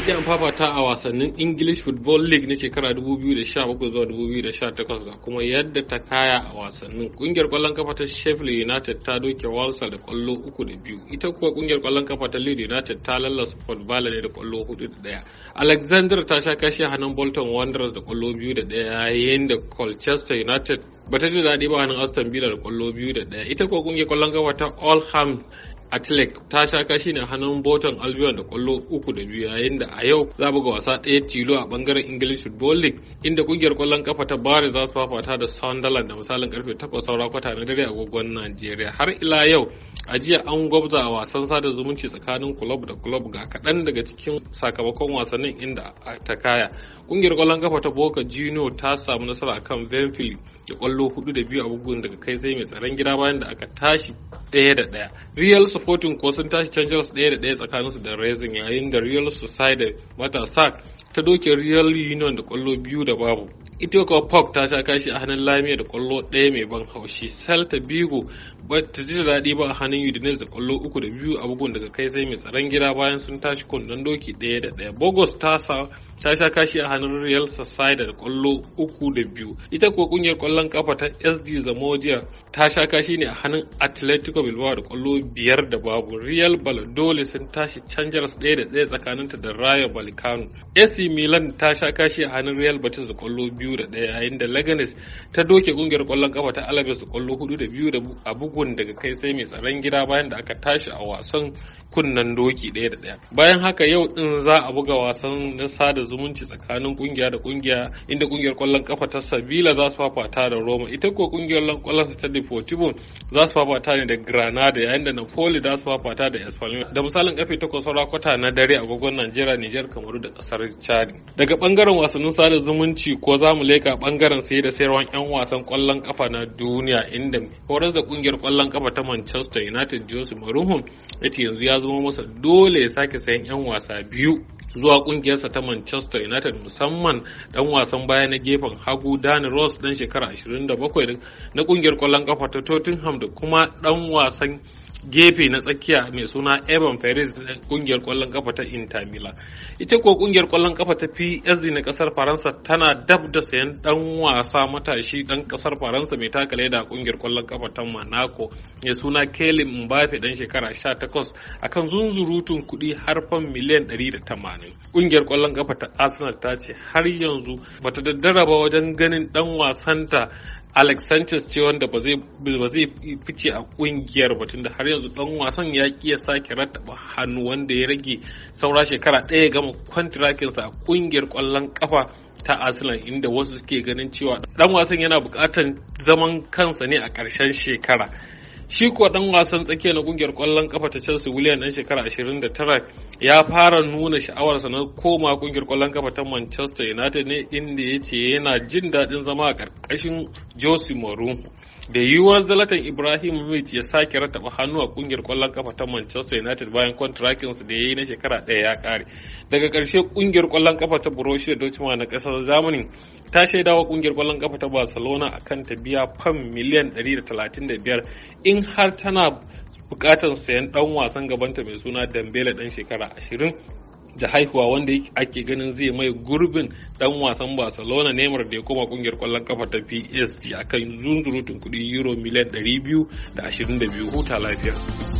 ake an fafata a wasannin English Football League na shekara 2017 zuwa 2018 ga kuma yadda ta kaya a wasannin kungiyar kwallon kafa ta Sheffield United ta doke Walsall da kwallo 3 da 2 ita kuwa kungiyar kwallon kafa ta Leeds United ta lallasa Port Vale ne da kwallo 4 da 1 Alexander ta sha a hannun Bolton Wanderers da kwallo 2 da 1 yayin da Colchester United bata ji daɗi ba hannun Aston Villa da kwallo 2 da 1 ita kuwa kungiyar kwallon kafa ta Oldham Atlet ta sha kashi ne hannun botan Albion da kwallo uku da biyu yayin da a yau za buga wasa ɗaya tilo a bangaren English Football League inda kungiyar kwallon kafa ta Bari za su fafata da Sunderland da misalin karfe 8 saura kwata na dare a agogon Najeriya har ila yau a jiya an gwabza wasan sada zumunci tsakanin club da club ga kaɗan daga cikin sakamakon wasannin inda ta kaya kungiyar kwallon kafa ta Boca Junior ta samu nasara kan Benfield da kwallo hudu da biyu a bugun daga kai sai mai tsaron gida bayan da aka tashi ɗaya da ɗaya real supporting ko sun tashi chargers ɗaya da ɗaya su da raising yayin da real society matasa ta doke real union da kwallo biyu da babu ethiopia pop ta sha kashi a hannun lamia da kwallo ɗaya mai ban haushi celta bigo ba ta ji daɗi ba a hannun udinese da kwallo uku da biyu a bugun daga kai sai mai tsaron gida bayan sun tashi kundin doki daya da ɗaya bogos ta sha kashi a hannun real society da kwallo uku da biyu ita kuwa kungiyar kwallon kafa ta sd zamodia ta sha kashi ne a hannun atletico atletico bilbao da kwallo biyar da babu real valladolid sun tashi changers ɗaya da ɗaya tsakaninta da rayo vallecano ac milan ta sha kashi a hannun real betis da kwallo biyu da ɗaya yayin da leganes ta doke kungiyar kwallon kafa ta alaves da kwallo hudu da biyu a bugun daga kai sai mai tsaron gida bayan da aka tashi a wasan kunnen doki daya da ɗaya bayan haka yau din za a buga wasan na sada zumunci tsakanin kungiya da kungiya inda kungiyar kwallon kafa ta sevilla za su fafata da roma ita ko kungiyar kwallon ta deportivo za su fafata ne da Granada yayin da Napoli da su fafata da Espanyol da misalin karfe takwas saura kwata na dare agogon Najeriya, niger Kamaru da kasar Chad. Daga bangaren wasannin sada zumunci ko za mu leka bangaren sai da sayarwan 'yan wasan kwallon kafa na duniya inda horar da kungiyar kwallon kafa ta Manchester United Jose Mourinho yace yanzu ya zama masa dole ya sake sayan 'yan wasa biyu zuwa kungiyarsa ta Manchester United musamman dan wasan baya na gefen hagu dani Ross dan shekara 27 na kungiyar kwallon kafa ta Tottenham da kuma dan wasan gefe na tsakiya mai suna Evan Perez da kungiyar kwallon kafa ta Inter Milan. Ita ko kungiyar kwallon kafa ta PSG na kasar Faransa tana dab da sayan dan wasa matashi dan kasar Faransa mai takale da kungiyar kwallon kafa ta Monaco ya suna kelin mbappe dan shekara 18 akan zunzurutun kuɗi har fan miliyan 180 ƙungiyar ƙwallon kafa ta arsenal ta ce har yanzu bata daddara ba wajen ganin dan wasanta Alex Sanchez ce wanda ba zai fice a ƙungiyar ba tunda har yanzu dan wasan ya ya sake rattaba hannu wanda ya rage saura shekara ɗaya gama kwantirakinsa a ƙungiyar ƙwallon kafa ta Arsenal inda wasu suke ganin cewa dan wasan yana buƙatar zaman kansa ne a ƙarshen shekara. shi kuwa dan wasan tsakiya na kungiyar kwallon kafa ta Chelsea William dan shekara 29 ya fara nuna sha'awarsa na koma kungiyar kwallon kafa ta Manchester United ne inda ya ce yana jin daɗin zama a karkashin Jose Mourinho da yiwuwar Zlatan Ibrahimovic ya sake rattaba hannu a kungiyar kwallon kafa ta Manchester United bayan contracting da ya yi na shekara ɗaya ya kare. Daga karshe kungiyar kwallon kafa ta Borussia Dortmund na ƙasar Germany ta shaidawa kungiyar kwallon kafa ta Barcelona akan ta biya fam miliyan 135 in in har tana bukatar sayan dan wasan gabanta mai suna dambela dan shekara ashirin da haihuwa wanda ake ganin zai mai gurbin dan wasan barcelona neymar da ya koma kungiyar kwallon kafa ta psg akan zunzurutun kudi euro miliyan 222 huta lafiya